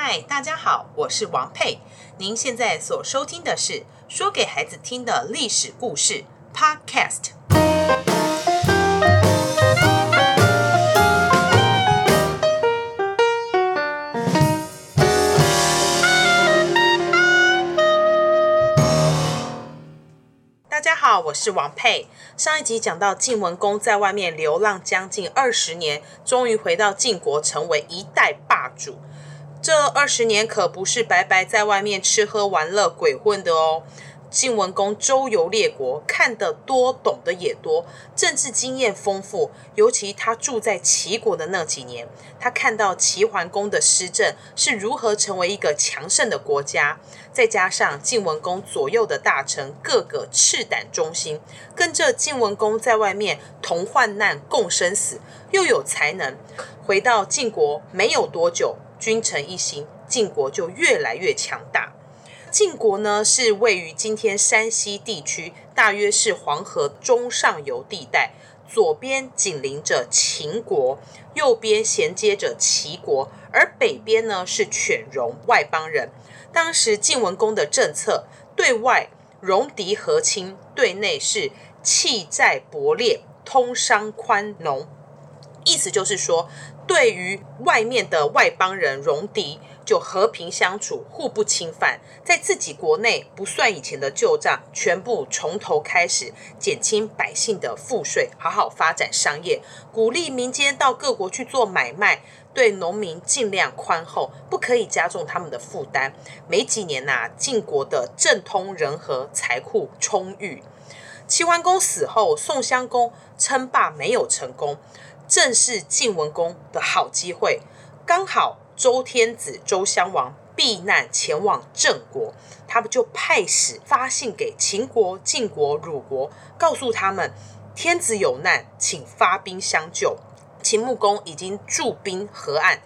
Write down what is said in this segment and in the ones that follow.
嗨，Hi, 大家好，我是王佩。您現在所收聽的是《說給孩子聽的歷史故事》Podcast。大家好，我是王佩。上一集講到晉文公在外面流浪將近二十年，終於回到晉國，成為一代霸主。這二十年可不是白白在外面吃喝玩樂鬼混的哦。晉文公周遊列國，看得多，懂得也多，政治經驗豐富。尤其他住在齊國的那幾年，他看到齊桓公的施政是如何成為一個強盛的國家。再加上晉文公左右的大臣各個赤膽忠心，跟着晉文公在外面同患難共生死，又有才能。回到晉國沒有多久。君臣一心，晉國就越來越強大。晉國呢，是位於今天山西地區，大約是黃河中上游地帶，左邊緊鄰着秦國，右邊銜接着齊國，而北邊呢，是犬戎外邦人。當時晉文公的政策，對外戎狄和親，對內是棄債薄烈，通商寬農。意思就是說。對於外面的外邦人戎狄，就和平相處，互不侵犯。在自己國內，不算以前的舊賬，全部從頭開始，減輕百姓的賦稅，好好發展商業，鼓勵民間到各國去做買賣。對農民盡量寬厚，不可以加重他們的負擔。沒幾年吶啊，晉國的政通人和，財庫充裕。齊桓公死後，宋襄公稱霸沒有成功。正是晉文公的好機會，剛好周天子周襄王避難前往鄭國，他們就派使發信給秦國、晉國、魯國，告訴他們天子有難，請發兵相救。秦穆公已經駐兵河岸，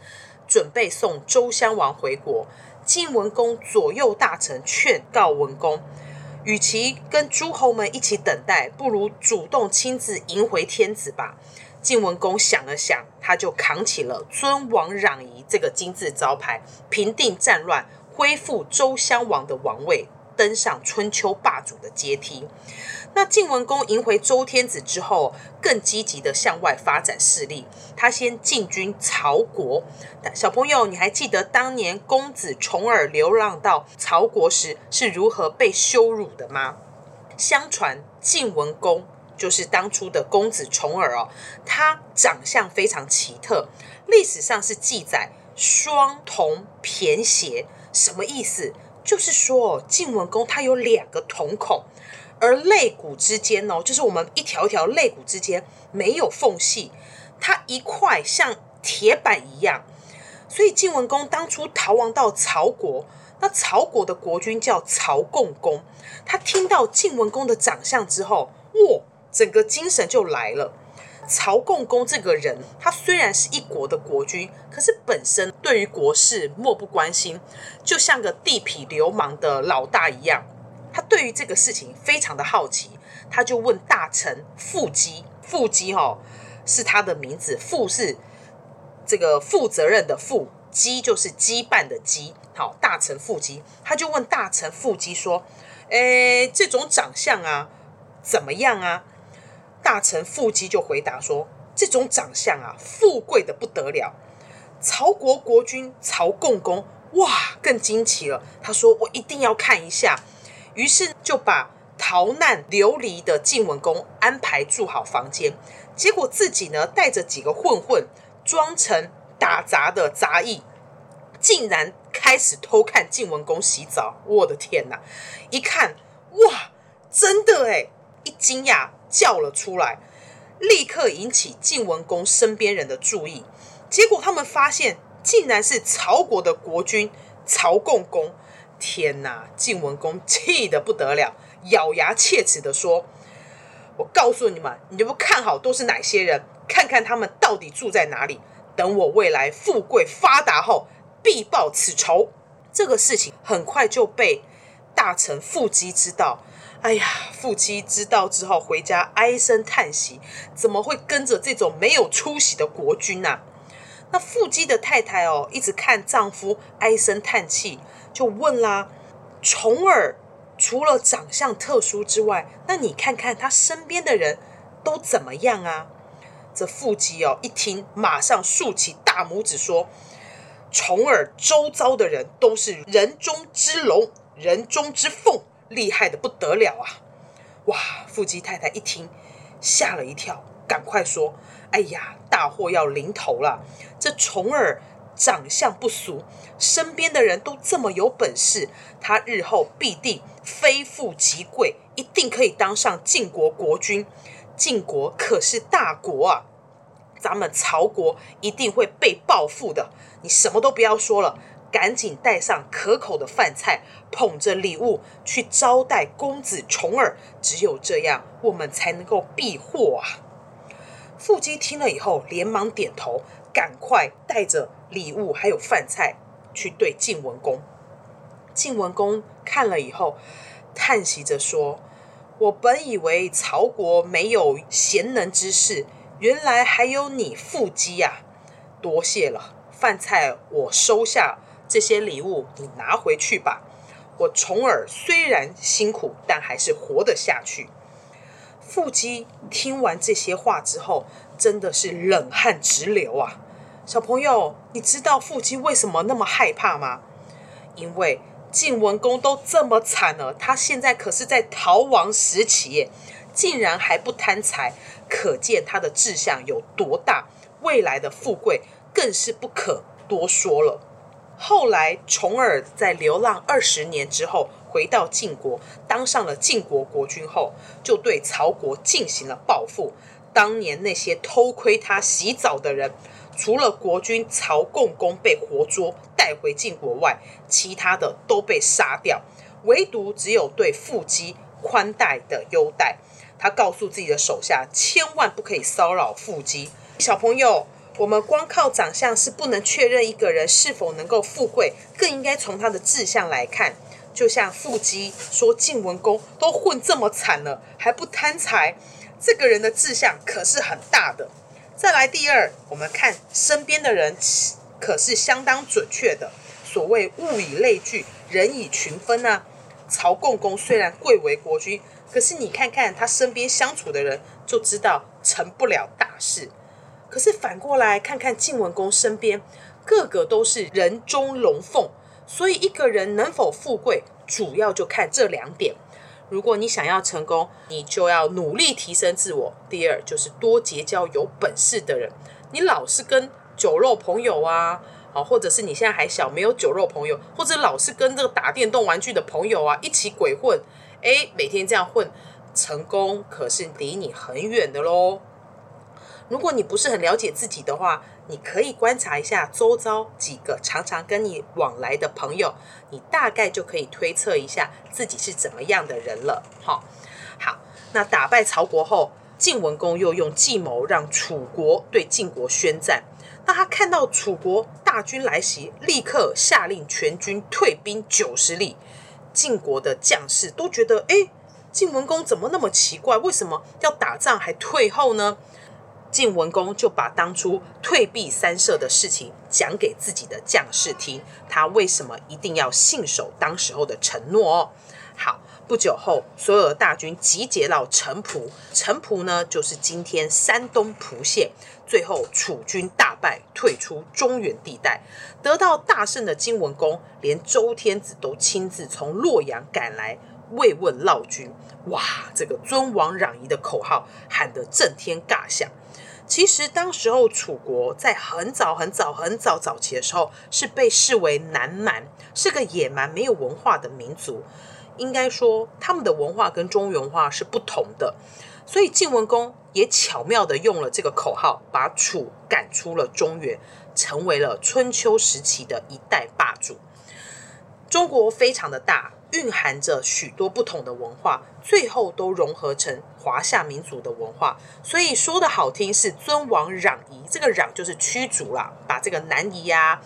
準備送周襄王回國。晉文公左右大臣勸告文公，與其跟諸侯們一起等待，不如主動親自迎回天子吧。晉文公想了想，他就扛起了尊王攘夷這個金字招牌，平定戰亂，恢復周襄王的王位，登上春秋霸主的階梯。那晉文公迎回周天子之後，更積極地向外發展勢力。他先進軍曹國，但小朋友，你還記得當年公子重耳流浪到曹國時是如何被羞辱的嗎？相傳晉文公，就是當初的公子重耳哦，他長相非常奇特。歷史上是記載雙瞳駢脅，什麼意思？就是說晉文公他有兩個瞳孔，而肋骨之間呢、哦，就是我們一條一條肋骨之間沒有縫隙，它一塊像鐵板一樣。所以晉文公當初逃亡到曹國，那曹國的國君叫曹共公，他聽到晉文公的長相之後，哇！整個精神就來了。曹共公這個人，他雖然是一國的國君，可是本身對於國事漠不關心，就像個地痞流氓的老大一樣。他對於這個事情非常的好奇，他就問大臣負羈，負羈哦，是他的名字，負是這個負責任的負，羈就是羈絆的羈。好、哦，大臣負羈，他就問大臣負羈說：“誒，這種長相啊，怎麼樣啊？”大臣負羈就回答說：“這種長相啊，富貴得不得了。”曹國國君曹共公哇更驚奇了，他說：“我一定要看一下。”於是就把逃難流離的晉文公安排住好房間，結果自己呢帶着幾個混混，裝成打雜的雜役，竟然開始偷看晉文公洗澡。我的天哪！一看哇，真的哎、欸。一驚訝叫了出來，立刻引起晉文公身邊人的注意。結果他們發現，竟然是曹國的國君曹共公。天哪！晉文公氣得不得了，咬牙切齒的說：“我告訴你們，你們不看好都是哪些人？看看他們到底住在哪裡。等我未來富貴發達後，必報此仇。”這個事情很快就被大臣負羈知道。哎呀，負羈知道之後回家唉聲嘆息，怎麼會跟着這種沒有出息的國君呢，啊？那負羈的太太哦，一直看丈夫唉聲嘆氣，就問啦：“重耳除了長相特殊之外，那你看看他身邊的人都怎麼樣啊？”這負羈哦一聽，馬上豎起大拇指說：“重耳周遭的人都是人中之龍，人中之鳳。”厲害得不得了啊！哇，負羈太太一聽，嚇了一跳，趕快說：“哎呀，大禍要臨頭了！這重耳長相不俗，身邊的人都這麼有本事，他日後必定非富即貴，一定可以當上晉國國君。晉國可是大國啊，咱們曹國一定會被報復的。你什麼都不要說了。”趕緊帶上可口的飯菜，捧着禮物去招待公子重耳。只有這樣，我們才能夠避禍啊！僖負羈聽了以後，連忙點頭，趕快帶着禮物還有飯菜去對晉文公。晉文公看了以後，嘆息着說：“我本以為曹國沒有賢能之士，原來還有你僖負羈呀、啊！多謝了，飯菜我收下。”這些禮物你拿回去吧，我重耳雖然辛苦，但還是活得下去。負羈聽完這些話之後，真的是冷汗直流啊！小朋友，你知道負羈為什麼那麼害怕嗎？因為晉文公都這麼慘了，他現在可是在逃亡時期，竟然還不貪財，可見他的志向有多大，未來的富貴更是不可多說了。後來，重耳在流浪二十年之後回到晉國，當上了晉國國君後，就對曹國進行了報復。當年那些偷窺他洗澡的人，除了國君曹共公被活捉帶回晉國外，其他的都被殺掉，唯獨只有對腹肌寬帶的優待。他告訴自己的手下，千萬不可以騷擾腹肌。小朋友。我們光靠長相是不能確認一個人是否能夠富貴，更應該從他的志向來看。就像負羈說晉文公都混這麼慘了，還不貪財，這個人的志向可是很大的。再來第二，我們看身邊的人可是相當準確的。所謂物以類聚，人以群分啊。曹共公雖然貴為國君，可是你看看他身邊相處的人，就知道成不了大事。可是反過來看看晉文公身邊，個個都是人中龍鳳，所以一個人能否富貴，主要就看這兩點。如果你想要成功，你就要努力提升自我。第二就是多結交有本事的人。你老是跟酒肉朋友啊，好，或者是你現在還小，沒有酒肉朋友，或者老是跟這個打電動玩具的朋友啊一起鬼混，誒、欸，每天這樣混，成功可是離你很遠的嘍。如果你不是很了解自己的話，你可以觀察一下周遭幾個常常跟你往來的朋友，你大概就可以推測一下自己是怎麼樣的人了。哈、哦，好，那打敗曹國後，晉文公又用計謀讓楚國對晉國宣戰。那他看到楚國大軍來襲，立刻下令全軍退兵九十里。晉國的將士都覺得，哎，晉文公怎麼那麼奇怪？為什麼要打仗還退後呢？晉文公就把當初退避三舍的事情講給自己的將士聽，他為什麼一定要信守當時候的承諾哦？好，不久後，所有的大軍集結到城濮，城濮呢，就是今天山東濮縣。最後，楚軍大敗，退出中原地帶，得到大勝的晉文公，連周天子都親自從洛陽趕來慰問勞軍。哇，這個尊王攘夷的口號喊得震天價響。其實，當時候楚國在很早、很早、很早早期的時候，是被視為南蠻，是個野蠻、沒有文化的民族。應該說，他們的文化跟中原文化是不同的。所以，晉文公也巧妙的用了這個口號，把楚趕出了中原，成為了春秋時期的一代霸主。中國非常的大。蘊含着許多不同的文化，最後都融合成華夏民族的文化。所以說得好聽是尊王攘夷，這個攘就是驅逐了，把這個南夷呀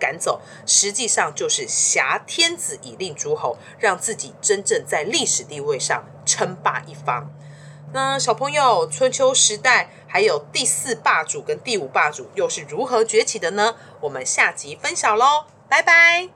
趕走，實際上就是挾天子以令諸侯，讓自己真正在歷史地位上稱霸一方。那小朋友，春秋時代還有第四霸主跟第五霸主又是如何崛起的呢？我們下集分享嘍，拜拜。